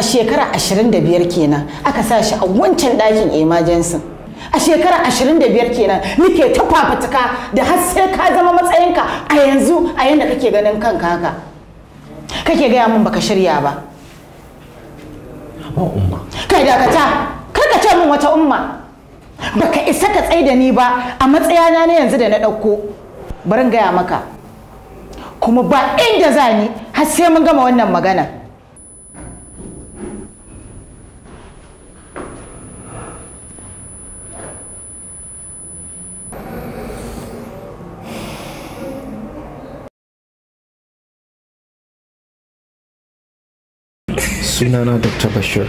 a shekara 25 kenan aka sa shi a wancan ɗakin emergency a shekara biyar kenan nike ta fafatuka da har sai ka zama matsayinka a yanzu a yanda kake ganin kanka haka kake gaya min baka shirya ba kai dakata kar ka ce min wata umma baka isa ka tsai da ni ba a matsayana na yanzu da na ɗauko barin gaya maka kuma ba inda za ni har sai mun gama wannan magana Sinanadok Dr. Bashir.